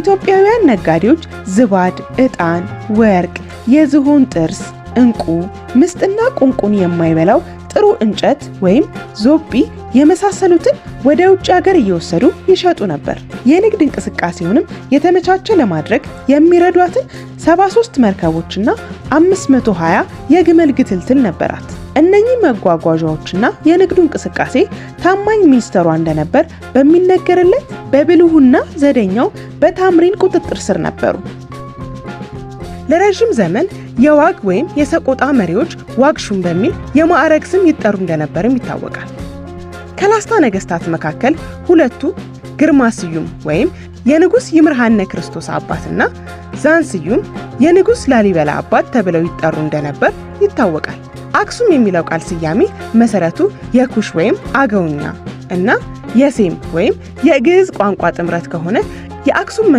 ኢትዮጵያውያን ነጋዴዎች ዝባድ፣ ዕጣን፣ ወርቅ፣ የዝሆን ጥርስ፣ እንቁ ምስጥና ቁንቁን የማይበላው ጥሩ እንጨት ወይም ዞቢ የመሳሰሉትን ወደ ውጭ ሀገር እየወሰዱ ይሸጡ ነበር። የንግድ እንቅስቃሴውንም የተመቻቸ ለማድረግ የሚረዷትን 73 መርከቦችና 520 የግመል ግትልትል ነበራት። እነኚህ መጓጓዣዎችና የንግዱ እንቅስቃሴ ታማኝ ሚኒስተሯ እንደነበር በሚነገርለት በብልሁና ዘደኛው በታምሪን ቁጥጥር ስር ነበሩ። ለረዥም ዘመን የዋግ ወይም የሰቆጣ መሪዎች ዋግሹም በሚል የማዕረግ ስም ይጠሩ እንደነበርም ይታወቃል። ከላስታ ነገስታት መካከል ሁለቱ ግርማ ስዩም ወይም የንጉሥ ይምርሃነ ክርስቶስ አባትና ዛን ስዩም የንጉሥ ላሊበላ አባት ተብለው ይጠሩ እንደነበር ይታወቃል። አክሱም የሚለው ቃል ስያሜ መሰረቱ የኩሽ ወይም አገውኛ እና የሴም ወይም የግዕዝ ቋንቋ ጥምረት ከሆነ የአክሱም